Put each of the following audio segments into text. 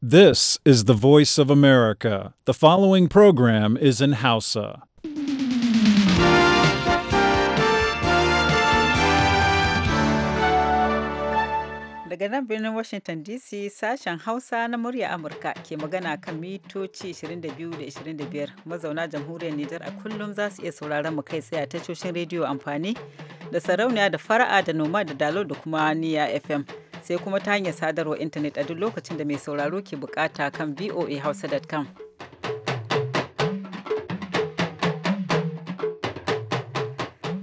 This is the voice of America. The following program is in Hausa. Daga nan birnin Washington DC sashen Hausa na murya Amurka ke magana kan mitoci 22 da 25 mazauna jamhuriyar Nijar a kullum za su iya sauraron mu kai tsaye a tashoshin rediyo amfani da sarauniya da fara'a da noma da dalo da kuma niya FM. sai kuma ta hanyar sadarwar intanet a duk lokacin da mai sauraro ke bukata kan voahausa.com.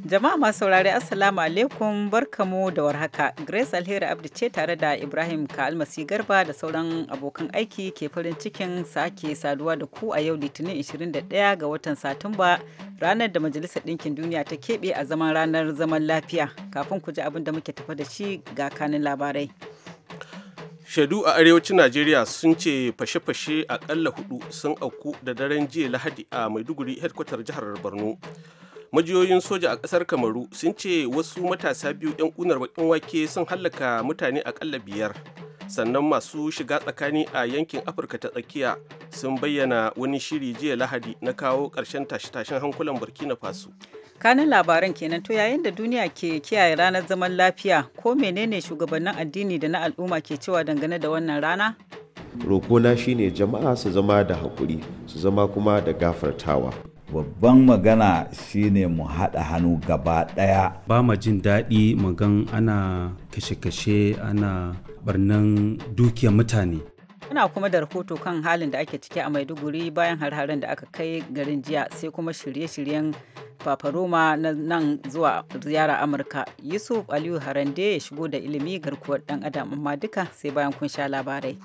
Jama'a masu saurari Assalamu alaikum barkamu da warhaka. Grace Alheri Abdi ce tare da Ibrahim Kalmasi Garba da sauran abokan aiki ke farin cikin sake saduwa da ku a yau Litinin 21 ga watan Satumba ranar da Majalisar Ɗinkin Duniya ta keɓe a zaman ranar zaman lafiya. Kafin ku ji abin da muke tafa da shi ga kanin labarai. shaidu a arewacin najeriya sun ce fashe-fashe akalla hudu sun auku da daren jiya lahadi a maiduguri headquarter jihar borno majiyoyin soja a kasar kamaru sun ce wasu matasa biyu 'yan kunar bakin wake sun hallaka mutane akalla biyar sannan masu shiga tsakani a yankin afirka ta tsakiya sun bayyana wani shiri jiya lahadi na kawo ƙarshen tashe-tashen hankulan burkina faso kanin labaran kenan to yayin da duniya ke kiyaye ranar zaman lafiya ko menene shugabannin addini da na al'umma ke cewa dangane da wannan rana rokona shine jama'a su zama da hakuri su zama kuma da gafartawa babban magana shine mu haɗa hannu gaba ɗaya ba ma jin daɗi magan ana kashe-kashe ana barnan dukiyar mutane ana kuma da rahoto kan halin da ake ciki a maiduguri bayan har-haren da aka kai garin jiya sai kuma shirye-shiryen fafaroma na nan zuwa ziyara amurka yusuf aliyu harande ya shigo da ilimi garkuwar dan adam amma duka sai bayan kun sha labarai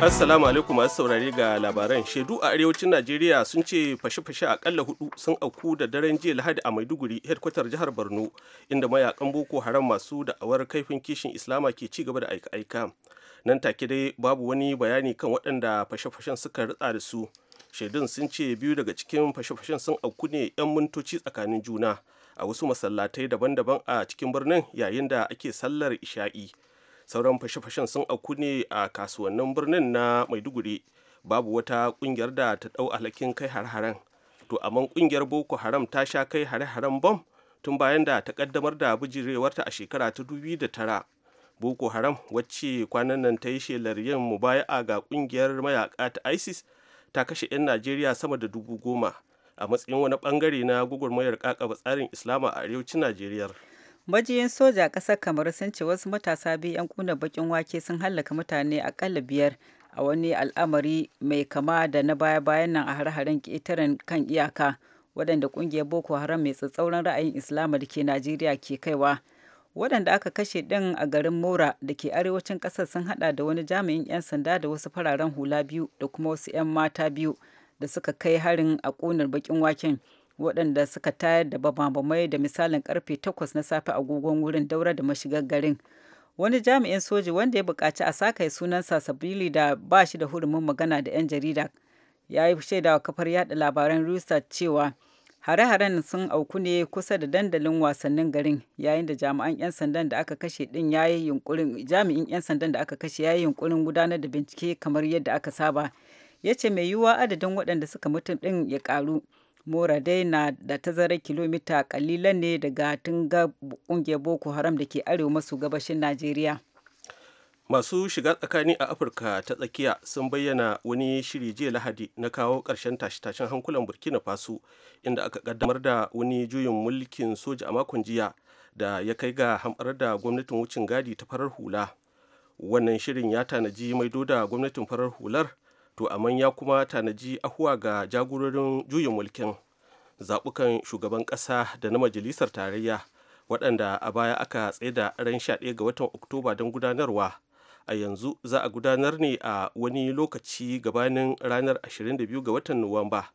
Assalamu alaikum masu saurare ga labaran shaidu a arewacin Najeriya sun ce fashe-fashe akalla hudu sun auku da daren jiya Lahadi a Maiduguri headkwatar jihar Borno inda mayakan Boko Haram masu da'awar kaifin kishin Islama ke ci gaba da aika-aika. Nan take dai babu wani bayani kan waɗanda fashe-fashen suka ritsa da su. Shaidun sun ce biyu daga cikin fashe-fashen sun auku ne 'yan mintoci tsakanin juna a wasu masallatai daban-daban a cikin birnin yayin da ake sallar isha'i. sauran fashe-fashen sun auku ne a kasuwannin birnin na maiduguri babu wata kungiyar da ta dau alhakin kai har-haren to amma kungiyar boko haram ta sha kai har haren bom tun bayan da ta kaddamar da bijirewarta a shekara ta tara. boko haram wacce kwanan nan ta yi shelar yin mubaya'a ga kungiyar mayaka ta isis ta kashe 'yan najeriya sama da dubu goma a matsayin wani bangare na gugurmayar kakaba tsarin islama a arewacin najeriya majiyin soja a ƙasar kamar sun ce wasu matasa biyu 'yan kuna bakin wake sun hallaka mutane aƙalla biyar a wani al'amari mai kama da na baya-bayan nan a har-haren ƙetaren kan iyaka waɗanda ƙungiyar boko haram mai tsatsauran ra'ayin islamu da ke najeriya ke kaiwa waɗanda aka kashe ɗin a garin mora da ke arewacin ƙasar sun haɗa da wani jami'in 'yan sanda da wasu fararen hula biyu da kuma wasu 'yan mata biyu da suka kai harin a ƙunar bakin waken waɗanda suka tayar da babamai da misalin karfe 8 na safe a agogon wurin daura da mashigar garin wani jami'in soji wanda ya buƙaci a saka ya sunansa sabili da ba shi da hurumin magana da 'yan jarida ya yi shaidawa kafar yaɗa labaran rusa cewa hare-haren sun auku ne kusa da dandalin wasannin garin yayin da jami'an 'yan sandan da aka kashe din yayi yunkurin jami'in 'yan sandan da aka kashe yayi yunkurin gudanar da bincike kamar yadda aka saba ya ce mai yiwuwa adadin waɗanda suka mutu din ya ƙaru. mora dai na da tazarar kilomita kalilan ne daga tunga kungiyar boko haram da ke arewa masu gabashin najeriya masu shiga tsakani a afirka ta tsakiya sun bayyana wani shiri jiya lahadi na kawo ƙarshen tashe-tashen hankulan burkina faso inda aka kaddamar da wani juyin mulkin soja a makon jiya da ya kai ga hamɓar da gwamnatin wucin gadi ta farar hula wannan shirin ya tanaji maido da gwamnatin farar hular to amma ya kuma tanaji ahuwa ga jagororin juyin mulkin zaɓukan shugaban ƙasa da na majalisar tarayya waɗanda a baya aka tsaida ran 11 ga watan oktoba don gudanarwa a yanzu za a gudanar ne a wani lokaci gabanin ranar 22 ga watan nuwamba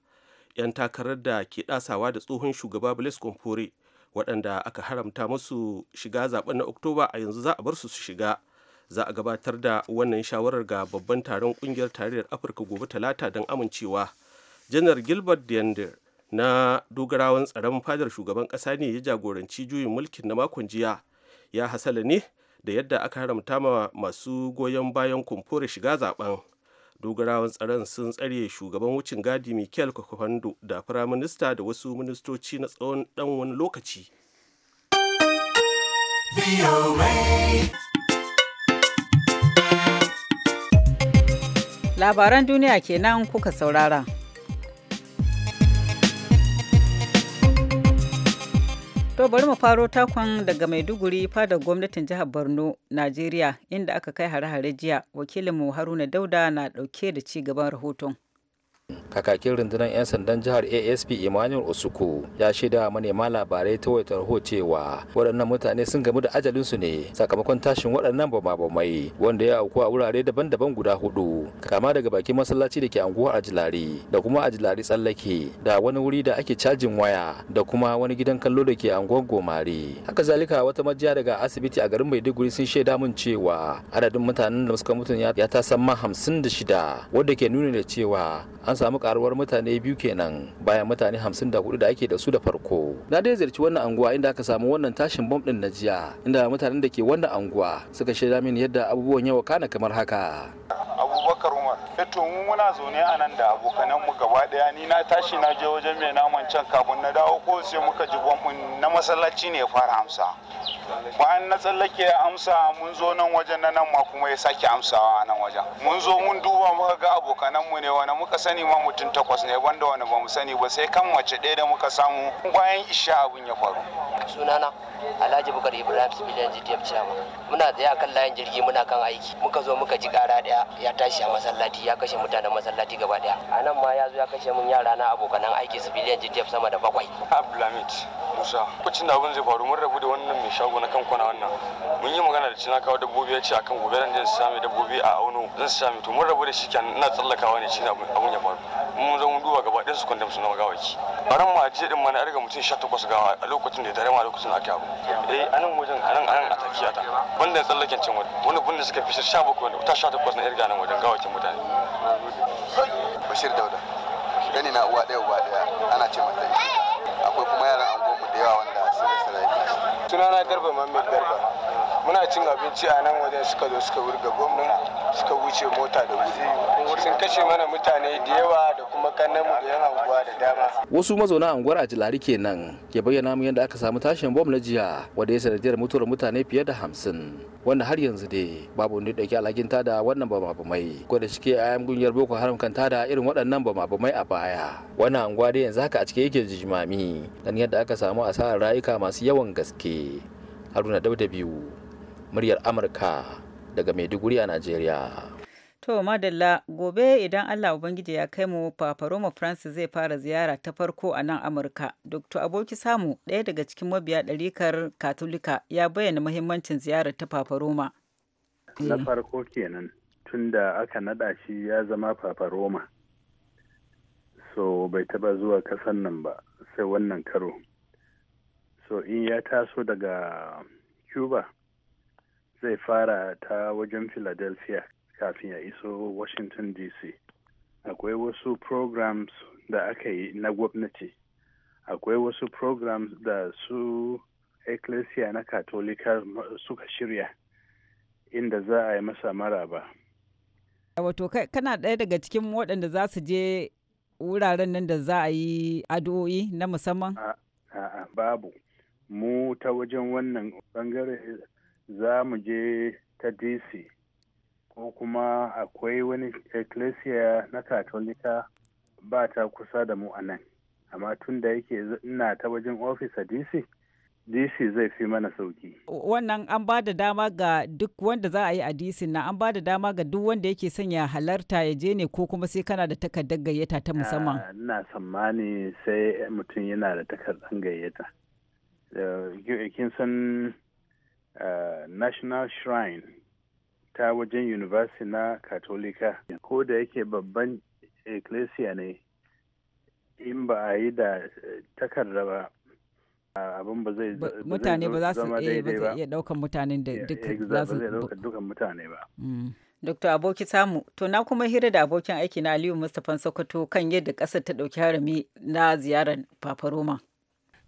'yan takarar da ke ɗasawa da tsohon shugaba blaise compaore waɗanda aka haramta musu shiga zaɓen na oktoba a yanzu za a bar su su shiga za a gabatar da wannan shawarar ga babban taron kungiyar tarayyar afirka gobe talata don amincewa janar gilbert dender na dogarawan tsaron fadar shugaban kasa ne ya jagoranci juyin mulkin na makon jiya ya hasala ne da yadda aka haramta ma masu goyon bayan kumfura shiga zaben dogarawan tsaron sun tsare shugaban wucin gadi michael kwakwando da firaminista da wasu ministoci na tsawon dan wani lokaci Labaran duniya kenan kuka saurara. To bari mu faro takon daga Maiduguri fadar gwamnatin jihar Borno, Najeriya, inda aka kai hare-hare jiya. Wakilinmu Haruna Dauda na ɗauke da ci gaban rahoton. kakakin rundunar 'yan sandan jihar asp emmanuel osuku ya shaida manema labarai ta wayar tarho cewa waɗannan mutane sun gamu da ajalinsu ne sakamakon tashin waɗannan bama-bamai wanda ya auku a wurare daban-daban guda hudu kama daga bakin masallaci da ke unguwar ajilari da kuma ajilari tsallake da wani wuri da ake cajin waya da kuma wani gidan kallo da ke anguwar gomari haka zalika wata majiya daga asibiti a garin maiduguri sun shaida mun cewa adadin mutanen da suka mutu ya tasamma hamsin da shida wadda ke nuni da cewa an samu karuwar mutane biyu kenan bayan mutane 54 da ake da su da farko na dai ziyarci wannan anguwa inda aka samu wannan tashin bom din na jiya inda mutanen da ke wannan anguwa suka shaida mini yadda abubuwan yawa kana kamar haka abubakar umar eh to mu muna zaune a nan da abokanan mu gaba daya ni na tashi na je wajen mai naman can kafin na dawo ko sai muka ji bombin na masallaci ne ya fara amsa bayan na tsallake ya amsa mun zo nan wajen na nan ma kuma ya sake amsawa a nan wajen mun zo mun duba muka ga abokanan mu ne wani muka sani ma mu mutum takwas ne wanda wani ba mu sani ba sai kan mace ɗaya da muka samu bayan isha abin ya faru sunana alhaji bukar ibrahim civilian gtf chairman muna tsaye a kan layin jirgi muna kan aiki muka zo muka ji kara daya ya tashi a masallaci ya kashe mutanen masallaci gaba daya a nan ma ya zo ya kashe mun yara na abokanan aiki civilian gtf sama da bakwai abdulhamid musa kucin da abin zai faru mun rabu da wannan mai shago na kan kwana wannan mun yi magana da cina kawo dabbobi ya ce akan gobe zan je sami dabbobi a auno zan sami to mun rabu da shi kenan ina tsallakawa ne shi abin ya faru mun zo mun duba gaba ɗin su kwandam su na magawaci baran ma je din mana riga mutum 18 gawa a lokacin da tare ma lokacin ake abu eh anan wajen anan anan a tafiya ta banda tsallaken cin wani wani bunda suka fi 17 wani ta 18 na irga nan wajen gawakin mutane Bashir Dauda gani na uwa ɗaya uwa ɗaya ana ce mata akwai kuma yaran angon da yawa wanda sirri sirri sunana garba mamman garba muna cin abinci a nan wajen suka zo suka wurga gwamnan suka wuce mota da wuce. sun kashe mana mutane da yawa da kuma kannan mu da yan anguwa da dama wasu mazauna anguwar jilari kenan ke bayyana mu yadda aka samu tashin bom na jiya wanda ya sanadiyar mutuwar mutane fiye da hamsin wanda har yanzu dai babu wanda dauki alhakin tada wannan bama bamai ko da shike a yan gungiyar boko haram kan tada irin waɗannan bama a baya wannan anguwa dai yanzu haka a cike yake jijimami dan yadda aka samu asarar rayuka masu yawan gaske haruna dauda biyu muryar amurka daga maiduguri a najeriya To Madalla gobe idan Allah Ubangiji ya kai mu fafaroma Roma Francis zai fara ziyara ta farko a nan Amurka. Dr. Aboki Samu ɗaya daga cikin mabiya ɗarikar Katolika ya bayyana mahimmancin ziyarar ta Papa Na farko kenan tunda aka naɗa shi ya zama fafaroma So bai taba zuwa kasan nan ba sai wannan karo. So in ya taso daga Cuba zai fara ta wajen philadelphia kafin ya iso washington dc akwai wasu programs da aka yi na gwamnati akwai wasu programs da su ecclesia na katolika suka shirya inda za a yi masa maraba wato kana ɗaya daga cikin waɗanda za su je wuraren nan da za a yi addu'o'i na musamman a'a babu mu ta wajen wannan bangare za mu je ta dc ko kuma akwai wani ecclesia na katolika ba ta kusa da mu a nan amma tun da yake ina ta wajen ofis a dc dc zai fi mana sauki wannan an ba da dama ga duk wanda za a yi a dc na an ba da dama ga duk wanda yake son ya halarta ya je ne ko kuma sai kana da takardar gayyata ta musamman ah, ina tsammani sai mutum yana da takardar gayyata eh, kin san Uh, national shrine ta wajen university na katolika ko da yake babban ecclesia ne in ba a yi da eh, takarda ba ah, abin ba zai mutane ba za su iya daukan mutanen da dukkan mutane ba mm. Dr. Aboki Samu, to na kuma hira da abokin aiki na Aliyu Mustapha Sokoto kan yadda ƙasar ta ɗauki harami na ziyarar Papa Roma.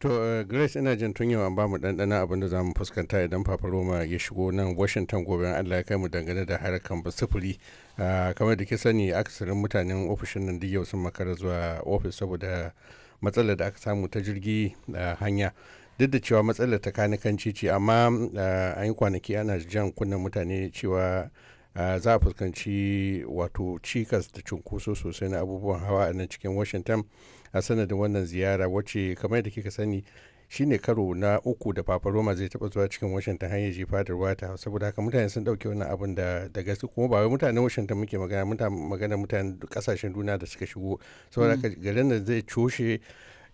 To eh, Grace ina jin tun yau yawan mu ɗanɗana abin da zamu fuskanta idan Papa Roma ya shigo nan Washington gobe Allah ya kai mu dangane da harkan sufuri. Ah, kamar da ke sani akasarin mutanen ofishin nan duk yau sun makara zuwa ofis saboda matsalar da aka samu ta jirgi ah, hanya. Duk da cewa matsalar ta kanikan cici amma ah, an yi kwanaki ana jan kunnen mutane cewa Eh, za a fuskanci wato cikas da cunkoso sosai na abubuwan hawa a nan cikin washington a sanadin wannan ziyara wacce kamar da kika sani shine karo na uku da papa roma zai taba zuwa cikin washington hanyar ji da ruwa saboda haka mutane sun dauke wannan abin da da gaske kuma ba wai mutanen washington muke magana magana mutanen kasashen duniya da suka shigo saboda haka mm. garin da zai coshe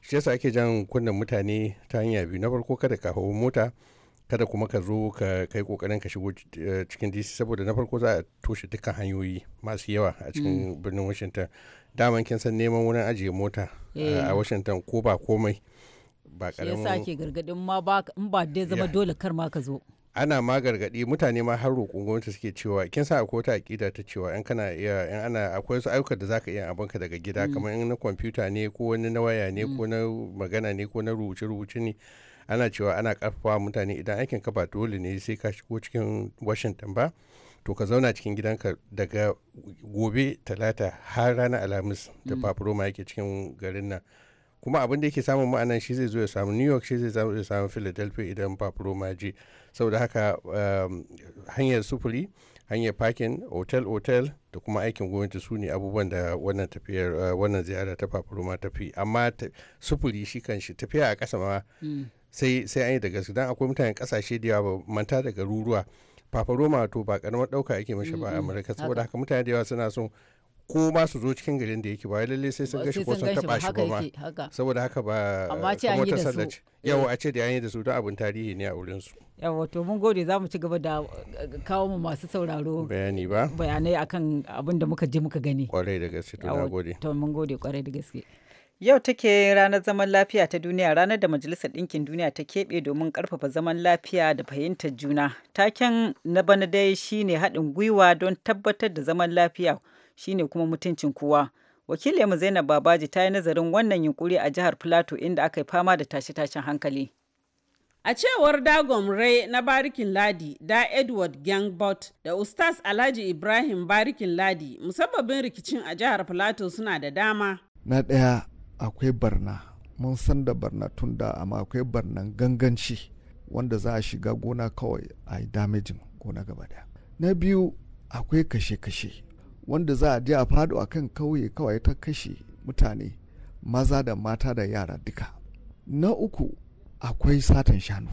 shi yasa ake jan kunnen mutane ta hanya biyu na farko kada ka hawo mota kada kuma ka zo ka kai kokarin ka shigo eh, cikin dc saboda na farko za a toshe dukkan hanyoyi masu yawa a cikin mm. birnin washington daman kin san neman wurin ajiye mota eh, a eh. washington ko ba komai ba karamin yasa ke gargadin ma ba in ba dai zama dole kar ma ka zo ana ma gargadi mutane ma har roƙon gwamnati suke cewa kin sa akwai wata aƙida ta cewa in kana iya in ana akwai wasu ayyukan da zaka iya abinka daga gida mm. kamar in na kwamfuta ne ko wani na waya ne mm. ko na magana ne ko na rubuce rubuce ne ana cewa ana karfafa mutane idan aikin ka ba dole ne sai ka shigo cikin washington ba to ka zauna cikin gidanka daga gobe talata har rana alhamis da mm. ma yake cikin garin nan kuma abin da yake samun ma'ana shi zai zo ya samu new york shi zai zo ya samu philadelphia idan ma je saboda haka um, hanyar sufuri hanyar parking otel otel da kuma aikin gwamnati su ne abubuwan da wannan tafiyar uh, wannan ziyara ta papuroma ma tafi amma sufuri shi kan shi tafiya a kasa ma mm. sai sai an yi da gaske dan akwai mutanen kasashe da yawa manta da garuruwa papa roma to ba karamar dauka ake mashi ba a amurka saboda haka mutane da yawa suna son ko ma su zo cikin garin da yake ba lalle sai sun gashi ko sun taba shi ba ma saboda haka ba amma ce an yi da su yawa a ce da an yi da su don abin tarihi ne a wurin su yawa to mun gode za mu ci gaba da eh, kawo mu masu sauraro bayani ba bayanai akan abin da muka je muka gani kwarai da gaske to na gode to mun gode kwarai da gaske Yau take ranar zaman lafiya ta duniya ranar da Majalisar Ɗinkin Duniya ta keɓe domin ƙarfafa zaman lafiya da fahimtar juna. Taken na bana dai shine haɗin gwiwa don tabbatar da zaman lafiya shine kuma mutuncin kowa. Wakilinmu Zainab Babaji ta yi nazarin wannan yunkuri a jihar Filato inda aka yi fama da tashe-tashen hankali. A cewar Dagom Ray na Barikin Ladi da Edward Gangbot da Ustaz Alhaji Ibrahim Barikin Ladi musabbabin rikicin a jihar Filato suna da dama. Na ɗaya akwai barna mun san da barna tun da amma akwai barnan ganganci wanda za a shiga gona kawai a yi damejin gona gaba daya na biyu akwai kashe-kashe wanda za a je a fado a kan kauye kawai ta kashe mutane maza da mata da yara duka na uku akwai satan shanu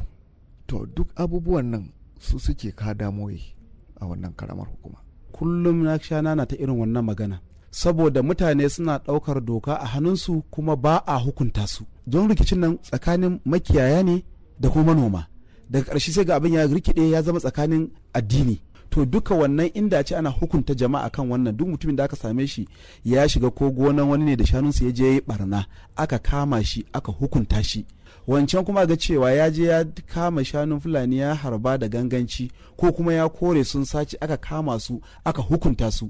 to duk abubuwan nan su suke ka damoyi a wannan karamar hukuma kullum na shana na ta irin wannan magana saboda mutane suna ɗaukar doka a hannunsu kuma ba a hukunta su don rikicin nan tsakanin makiyaya ne da kuma manoma daga ƙarshe sai ga abin ya rikide ya zama tsakanin addini to duka wannan inda ce ana hukunta jama'a kan wannan duk mutumin da aka same shi ya shiga ko gonan wani ne da shanunsa ya je ya barna aka kama shi aka hukunta shi wancan kuma ga cewa ya je ya kama shanun fulani ya harba da ganganci ko kuma ya kore sun sace aka kama su aka hukunta su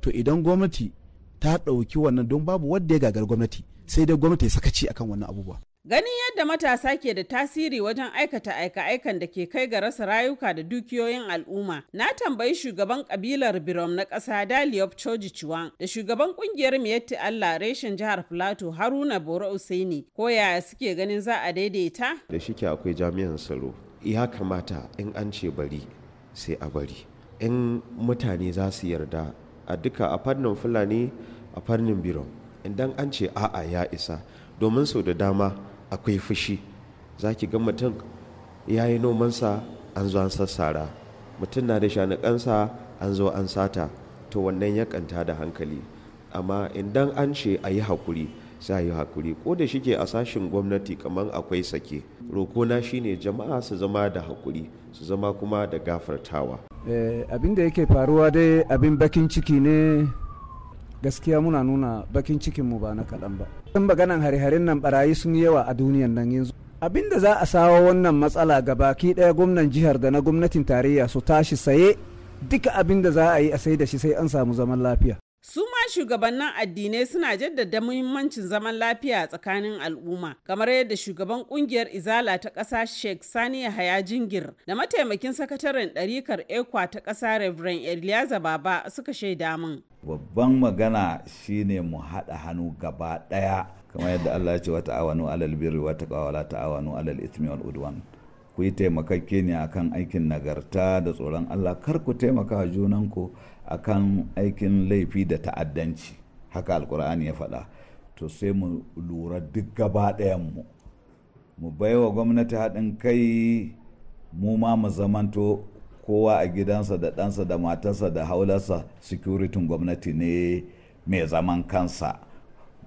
to idan gwamnati ta ɗauki wannan don babu wadda ya gagar gwamnati sai dai gwamnati ya sakaci akan wannan abubuwa ganin yadda matasa ke da tasiri wajen aikata aika-aikan da ke kai ga rasa rayuka da dukiyoyin al'umma na tambayi shugaban kabilar birom na ƙasa daliop choji da shugaban ƙungiyar miyatti allah reshen jihar filato haruna boro usaini ko yaya suke ganin za a daidaita da shike akwai jami'an tsaro ya kamata in an ce bari sai a bari in mutane za su yarda a duka a fannin fulani a fannin Biro, idan an ce a'a ya isa domin sau da dama akwai fushi za ki ga mutum ya yi nomansa an zo an sassara mutum na da shanukansa an zo an sata to wannan ya kanta da hankali amma idan an ce a yi hakuri sai a yi hakuri ko da shike a sashen gwamnati kamar akwai sake rokona shine jama'a su zama da hakuri su zama kuma da gafartawa Eh, abin da yake faruwa dai abin bakin ciki ne gaskiya muna nuna bakin cikinmu ba na kaɗan ba sun maganan hare-haren nan barayi sun yi yawa a duniyan nan yanzu abin da za a sawo wannan matsala ga baki ɗaya gwamnan jihar da na gwamnatin tarayya su tashi saye duka abin da za a yi a sai da shi sai an samu zaman lafiya Su ma shugabannin addinai suna jaddada muhimmancin zaman lafiya tsakanin al'umma, kamar yadda shugaban kungiyar Izala ta ƙasa Sheikh Sani haya Jingir da mataimakin sakataren ɗarikar Ekwa ta ƙasa Reverend Eliyaza Baba suka shaida min. Babban magana shine mu haɗa hannu gaba ɗaya kamar yadda Allah ya ce wata awanu alal birri wata kawala ta awanu alal ismi wal udwan. ku yi taimakakke ne akan aikin nagarta da tsoron Allah kar ku taimaka wa junanku akan aikin laifi da ta'addanci haka alkur'ani ya faɗa to sai mu lura duk gaba mu mu baiwa gwamnati haɗin kai mu ma mu zamanto kowa a gidansa da ɗansa da matarsa da haularsa sikuritin gwamnati ne mai zaman kansa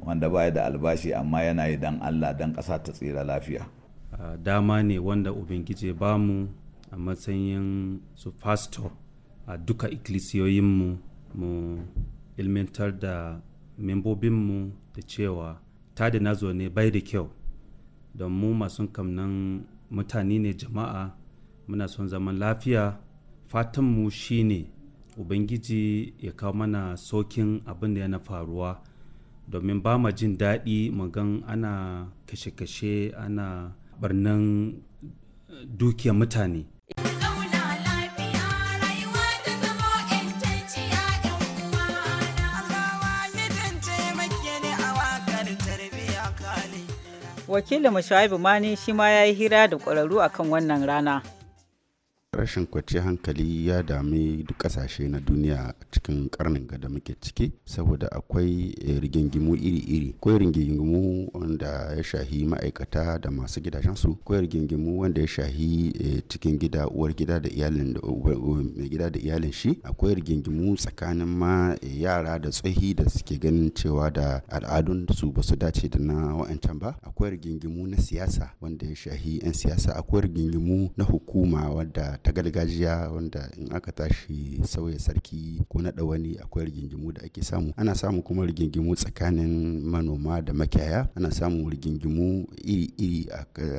wanda baya da albashi amma yana yi don allah don ƙasa ta tsira lafiya ah, dama ne wanda ubangiji ba mu a matsayin su pastor a duka ikkilisiyoyinmu mu ilmantar da membobinmu da cewa ta da nazo ne bai da kyau don mu masu kamnan mutane ne jama'a muna son zaman lafiya fatanmu shine ubangiji ya kawo mana sokin abin da yana faruwa domin ba ma jin daɗi gan ana kashe-kashe ana barnan dukiyar mutane wakilin mu Mani shi ma ya yi hira da ƙwararru akan wannan rana. rashin kwace hankali ya dami duk kasashe na duniya cikin karnin da muke ciki saboda akwai eh, rigingimu iri-iri akwai rigingimu wanda ya shahi ma'aikata da masu gidajensu akwai rigingimu wanda ya shahi eh, cikin gida uwar gida da iyalin mai gida da iyalin shi akwai rigingimu tsakanin ma eh, yara da tsohi da suke ganin cewa da al'adun su ba su dace da na wa'ancan ba akwai rigingimu na siyasa wanda ya shahi 'yan siyasa akwai rigingimu na hukuma wadda ta gargajiya wanda in aka tashi sauya sarki ko naɗa wani akwai rigingimu da ake samu ana samu kuma rigingimu tsakanin manoma da makiyaya ana samun rigingimu iri-iri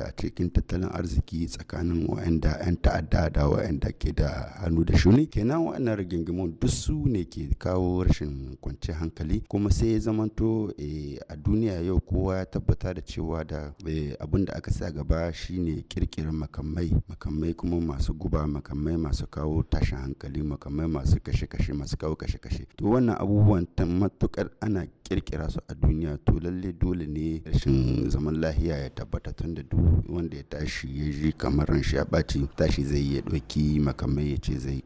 a cikin tattalin arziki tsakanin wa'anda 'yan ta'adda da wa'anda ke da hannu da shuni kenan wa'annan rigingimu duk su ne ke kawo rashin kwanciyar hankali kuma sai ya zamanto eh, a duniya yau kowa ya tabbata da cewa da eh, abin da aka sa gaba shine kirkirar makamai makamai kuma masu guba ba makamai masu kawo tashin hankali makamai masu kashe-kashe masu kawo kashe-kashe to wannan abubuwan ta matukar ana kirkira su a duniya to lalle dole ne rashin zaman lahiya ya tabbata tun da duk wanda ya tashi ya ji kamar ran shi ya baci tashi zai ya ɗauki makamai ya ce zai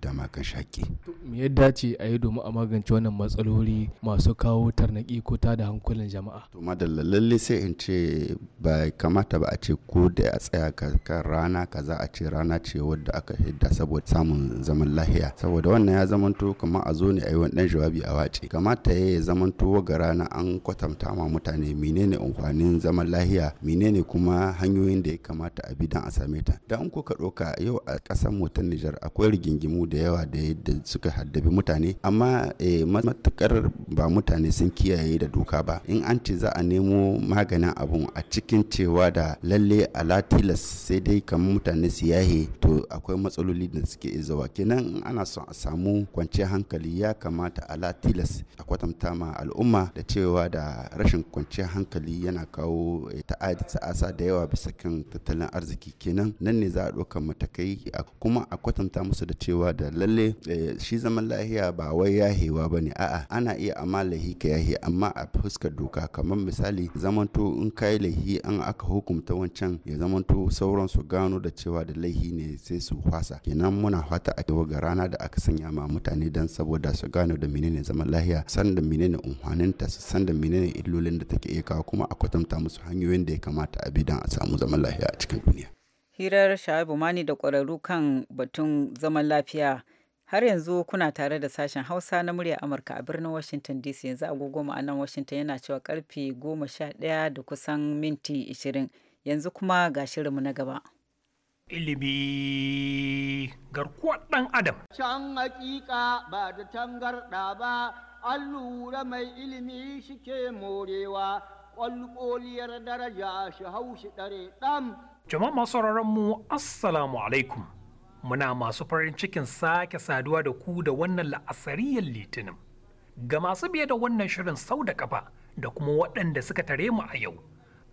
dama makan shaƙi. me ya dace a yi domin a magance wannan matsaloli masu kawo tarnaki ko ta da hankulan jama'a. to madalla lalle sai in ce ba kamata ba a ce ko da a tsaya kan rana kaza a ce rana ce wadda aka hidda saboda samun zaman lahiya saboda wannan ya zamanto kamar a zo ne a yi wani dan jawabi a wace kamata ya zamanto ga rana an kwatanta ma mutane menene amfanin zaman lahiya menene kuma hanyoyin da ya kamata a bi don a same ta da an kuka ɗauka yau a kasan mu ta Nijar akwai rigingimu da yawa da yadda suka haddabi mutane amma eh, matukar ba mutane sun kiyaye da doka ba in an ce za a nemo maganin abun a cikin cewa da lalle ala tilas sai dai kamar mutane su yahe to akwai matsaloli da suke izawa kenan ana son a samu kwanciyar hankali ya kamata a latilas a kwatanta ma al'umma da cewa da rashin kwanciyar hankali yana kawo eh, ta'adi sa'asa da yawa bisa kan tattalin arziki kenan nan ne za a ɗaukar matakai kuma a kwatanta musu da cewa da lalle eh, shi zaman lahiya ba wai yahewa ba ne a'a ana iya amma lahi ka yahi amma a fuskar doka kamar misali zamanto in kayi lahi an aka hukumta wancan ya zamanto sauran su gano da cewa da laihi ne sai su fasa kenan muna fata a ga rana da aka sanya ma mutane don saboda su gano da menene zaman lahiya san da menene umhaninta su san da menene illolin da take iya kawo kuma a kwatanta musu hanyoyin da ya kamata a bi dan a samu zaman lahiya a cikin duniya hirar shaibu mani da kwararru kan batun zaman lafiya har yanzu kuna tare da sashen hausa na murya amurka a birnin washington dc yanzu agogo ma'anan washington yana cewa karfe 11 da kusan minti 20 yanzu kuma ga shirinmu na gaba ilimi garkuwar ɗan adam. Can hakika ba da tangarɗa ba, an lura mai ilimi shi ke morewa, ƙwalƙoliyar daraja shi haushi ɗare ɗan. Jama'a masu mu Assalamu alaikum. Muna masu farin cikin sake saduwa da ku da wannan la'asariyar litinin. Ga masu biye da wannan shirin sau da kafa da kuma waɗanda suka tare mu a yau.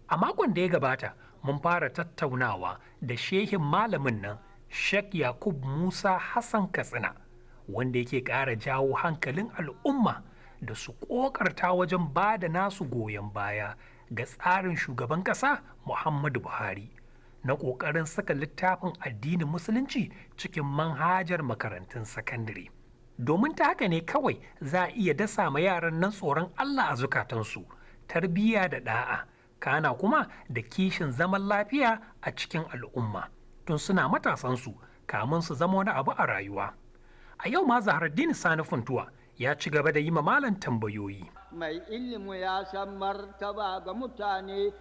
A makon da ya gabata, mun fara tattaunawa da shehin malamin nan Sheikh Yakub Musa Hassan Katsina wanda yake ƙara jawo hankalin al'umma da su ƙoƙarta wajen ba da nasu goyon baya ga tsarin shugaban ƙasa Muhammadu Buhari na ƙoƙarin saka littafin addinin musulunci cikin manhajar makarantun sakandare. Domin ta haka ne kawai za a iya dasa ma yaran nan tsoron Allah a zukatansu, tarbiyya da ɗa'a. kana kuma da kishin zaman lafiya a cikin al'umma tun suna matasansu kamun su zama wani abu a rayuwa a yau ma zaharaddin sani funtuwa ya ci gaba da yi ma malam tambayoyi mai ilimu ya san martaba ga mutane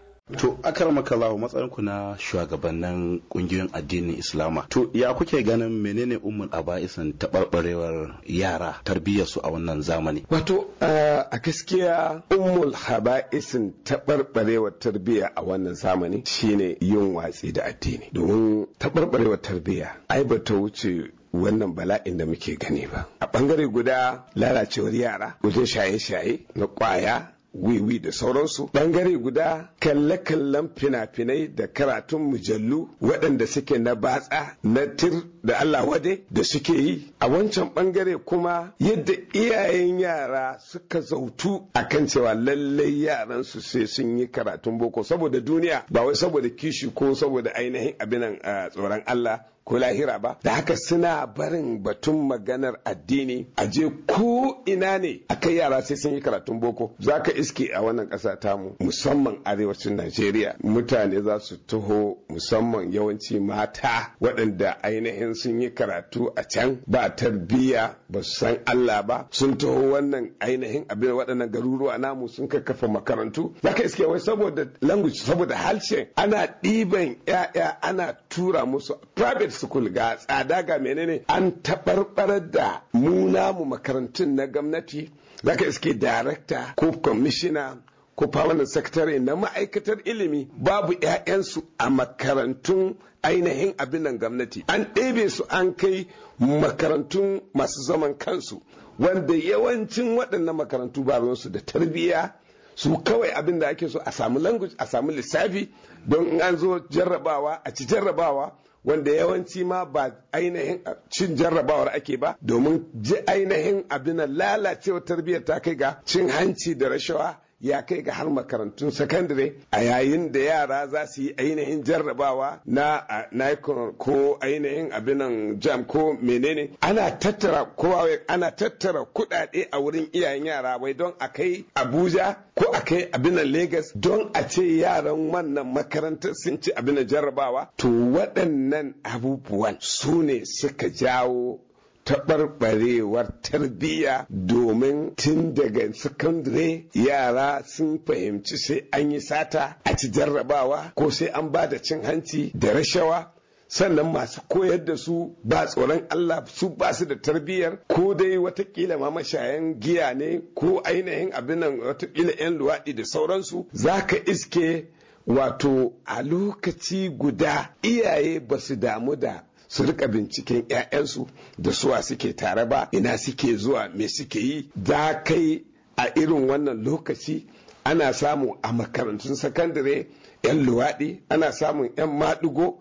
To akar makalahu matsayin ku na shugabannin kungiyoyin addinin Islama. To ya kuke ganin menene ummul aba'isan tabarbarewar yara tarbiyyar su a wannan zamani? Wato a gaskiya ummul haba'isin tabarbarewar tarbiyya a wannan zamani shine yin watsi da addini. Domin tabarbarewar tarbiyya ai ba ta wuce wannan bala'in da muke gani ba a bangare guda lalacewar yara wajen shaye-shaye na kwaya wiwi da sauransu bangare guda kalle-kallen fina-finai da karatun mujallu waɗanda suke na batsa na tir da Allah wade da suke yi a wancan bangare kuma yadda iyayen yara suka zautu akan cewa lallai yaran su sai sun yi karatun boko saboda duniya ba wai saboda kishi ko saboda ainihin abinan tsoron Allah ko lahira ba da haka suna barin batun maganar addini a je ko ina ne akai yara sai sun yi karatun boko za ka iske a wannan ƙasa tamu musamman arewacin najeriya mutane za su taho musamman yawanci mata waɗanda ainihin sun yi karatu a can ba tarbiyya ba su san Allah ba sun taho wannan ainihin abin waɗannan garuruwa namu sun kafa makarantu za ka iske wai saboda language saboda halshe ana ɗiban ‘ya'ya ana tura musu private school ga tsada ga menene an taɓarɓarar da mu namu makarantun na gwamnati za iske darakta ko kwamishina ko permanent sakatare na ma'aikatar ilimi babu 'ya'yansu a makarantun ainihin abinan gwamnati an ɗebe su an kai makarantun masu zaman kansu wanda yawancin waɗannan makarantu ba su da tarbiyya su kawai abin da ake so a samu language a samu lissafi don an zo jarrabawa a ci jarrabawa wanda yawanci ma ba ainihin cin jarrabawar ake ba domin ji ainihin abin lalacewa tarbiyyar ta kai ga cin hanci da rashawa ya kai ga har makarantun sakandare a yayin da yara za su yi ainihin jarrabawa na nikon ko ainihin abinan jam ko menene ana tattara kowa ana tattara kudade a wurin iyayen yara wai don a kai abuja ko a kai abinan lagos don a ce yaran wannan makarantar sun ci abinan jarrabawa to waɗannan abubuwan su ne suka jawo taɓarɓarewar tarbiyya domin tun daga sakandare yara sun fahimci sai an yi sata a ci jarrabawa ko sai an ba da cin hanci da rashawa sannan masu koyar da su ba tsoron Allah su ba su da tarbiyyar ko dai watakila ma mashayan giya ne ko ainihin abin nan watakila 'yan luwaɗi da sauransu za ka iske wato a lokaci guda iyaye ba su damu da su rika binciken 'ya'yansu da suwa suke tare ba ina suke zuwa me suke yi da kai a irin wannan lokaci ana samu a makarantun sakandare 'yan luwaɗi ana samun 'yan maɗigo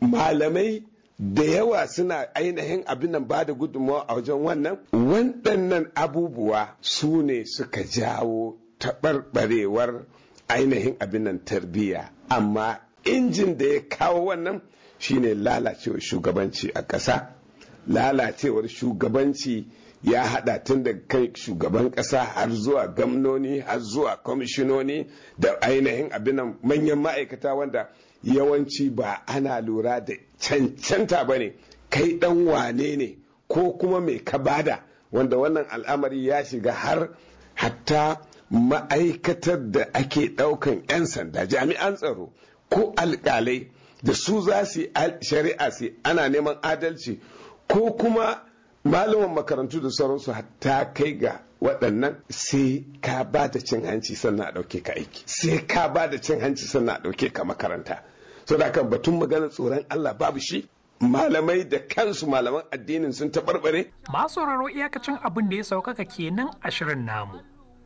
malamai da yawa suna ainihin abin nan ba da gudunmawa a wajen wannan waɗannan abubuwa su ne suka jawo taɓarɓarewar ainihin abin nan tarbiyya amma injin da ya kawo wannan shine lalacewar shugabanci a ƙasa lalacewar shugabanci ya hada tun daga kan shugaban ƙasa har zuwa gamnoni har zuwa kwamishinoni da ainihin abinan manyan ma'aikata wanda yawanci ba ana lura da cancanta ba ne kai dan wane ne ko kuma mai kabada wanda wannan al'amari ya shiga har hatta ma'aikatar da ake daukan 'yan sanda jami'an tsaro ko alkalai da su za su shari'a su ana neman adalci ko kuma malaman makarantu da sauransu hatta kai ga waɗannan sai ka ba da cin hanci sannan a ɗauke ka aiki sai ka ba da cin hanci sannan a ɗauke ka makaranta da kan batun magana tsoron Allah babu shi malamai da kansu malaman addinin sun taɓarɓare. Ma sauraro iyakacin abin da ya saukaka kenan a shirin namu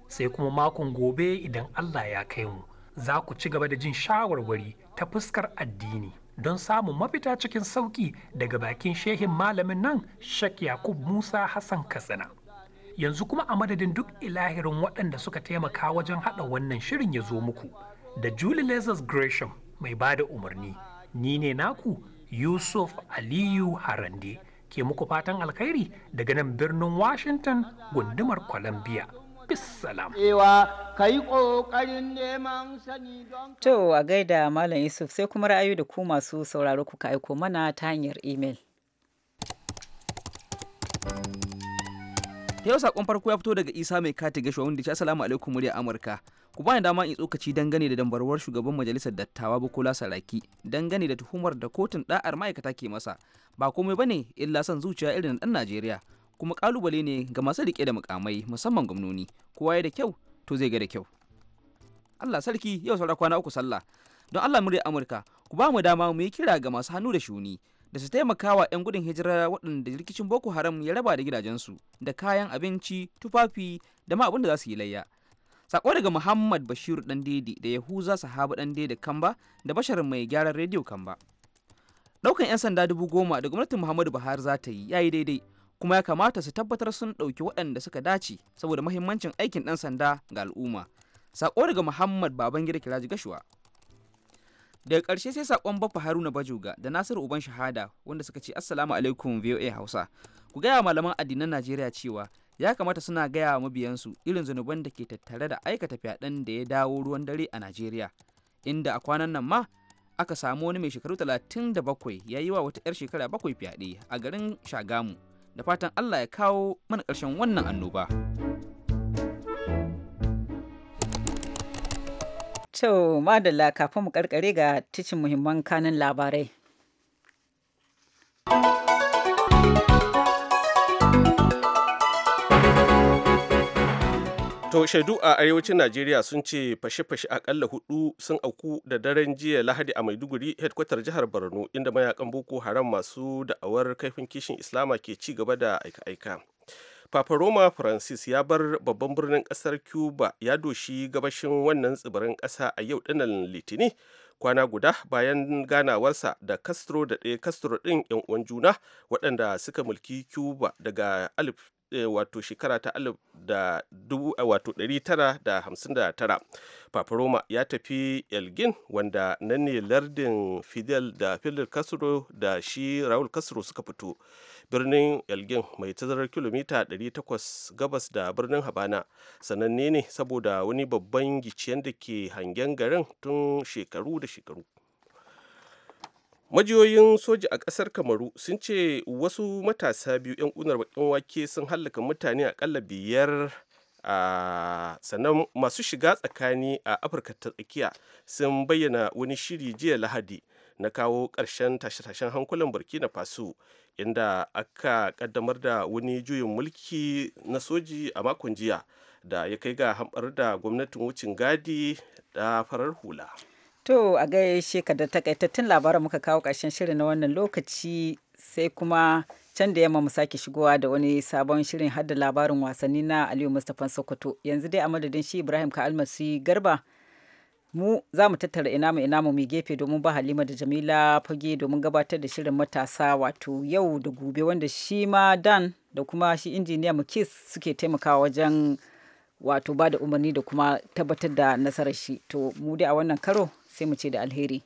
sai kuma makon gobe idan Allah ya kai mu za ku ci gaba da jin shawarwari ta fuskar addini don samun mafita cikin sauƙi daga bakin shehin malamin nan Sheikh Yakub Musa Hassan Katsina. Yanzu kuma a madadin duk ilahirin waɗanda suka taimaka wajen haɗa wannan shirin ya zo muku da Julie Lazarus Gresham mai ba da umarni. Ni ne naku Yusuf Aliyu Harande ke muku fatan alkhairi daga nan birnin Washington gundumar Columbia. salam. Ewa, ka yi ƙoƙarin neman sani don To, a gaida Malam Yusuf sai kuma ra'ayi da ku masu sauraro kuka aiko mana ta hanyar imel. Yau saƙon farko ya fito daga Isa mai kati gashuwa wanda ya ce Assalamu alaikum murya Amurka. Ku bani dama in tsokaci dangane da dambarwar shugaban majalisar dattawa Bukola Saraki dangane da tuhumar da kotun da'ar ma'aikata ke masa. Ba komai bane illa son zuciya irin na ɗan Najeriya. kuma kalubale ne ga masu rike da mukamai musamman gwamnoni kowa ya da kyau to zai ga da kyau Allah sarki yau saura kwana uku sallah don Allah murya Amurka ku ba mu dama mu yi kira ga masu hannu da shuni da su taimakawa 'yan gudun hijira waɗanda rikicin Boko Haram ya raba da gidajensu da kayan abinci tufafi da ma abin da za su yi layya sako daga Muhammad Bashir dan Dede da Yahuza Sahaba dan Dede Kamba da Bashar mai gyaran rediyo Kamba daukan 'yan sanda dubu goma da gwamnatin Muhammadu Buhari za ta yi yayi daidai kuma ya kamata su tabbatar sun ɗauki waɗanda suka dace saboda mahimmancin aikin ɗan sanda ga al'umma saƙo daga muhammad babangida kiraji gashuwa daga ƙarshe sai saƙon bafa haruna bajoga da nasiru uban shahada wanda suka ce assalamu alaikum voa hausa ku gaya malaman addinan najeriya cewa ya kamata suna gaya wa mabiyansu irin zunuban da ke tattare da aikata fyaɗen da ya dawo ruwan dare a najeriya inda a kwanan nan ma aka samu wani mai shekaru talatin da bakwai ya yi wa wata 'yar shekara bakwai fyaɗe a garin shagamu da fatan Allah ya kawo mana ƙarshen wannan annoba. To, madalla kafin mu karkare ga ticin muhimman kanin labarai. To shaidu a arewacin Najeriya sun ce fashe-fashe akalla hudu sun auku da daren jiya Lahadi a Maiduguri headkwatar jihar Borno inda mayakan Boko Haram masu da'awar kaifin kishin Islama ke ci gaba da aika-aika. Papa Roma Francis ya bar babban birnin kasar Cuba ya doshi gabashin wannan tsibirin kasa a yau dinnan Litini kwana guda bayan ganawarsa da Castro da ɗaya Castro ɗin 'yan uwan juna waɗanda suka mulki Cuba daga Eh, wato shekara ta alif da dubu eh, wato ɗari tara da hamsin da tara paparoma ya tafi elgin wanda nan ne lardin fidel da filin castro da shi raul castro suka fito birnin elgin mai tazarar kilomita 800 gabas da birnin habana sananne ne saboda wani babban gicciyen da ke hangen garin tun shekaru da shekaru majiyoyin soji a ƙasar kamaru sun ce wasu matasa biyu 'yan unar bakin wake sun hallaka mutane akalla biyar a sannan masu shiga tsakani a afirka ta tsakiya sun bayyana wani shiri jiya lahadi na kawo ƙarshen tashe-tashen hankulan burkina faso inda aka ƙaddamar da wani juyin mulki na soji a makon jiya da ya kai ga hamɓar da gwamnatin wucin gadi da farar hula To a gaishe ka da takaitattun labaran muka kawo ƙarshen shirin na wannan lokaci sai kuma can da yamma mu sake shigowa da wani sabon shirin hadda labarin wasanni na Aliyu Mustapha Sokoto. Yanzu dai a madadin shi Ibrahim ka almasi garba mu za mu tattara ina mu ina mu mai gefe domin ba Halima da Jamila fage domin gabatar da shirin matasa wato yau da gobe wanda shi ma Dan da kuma shi injiniya mu Kis suke taimakawa wajen wato ba da umarni da kuma tabbatar da nasarar shi. To mu dai a wannan karo sai mu ce da alheri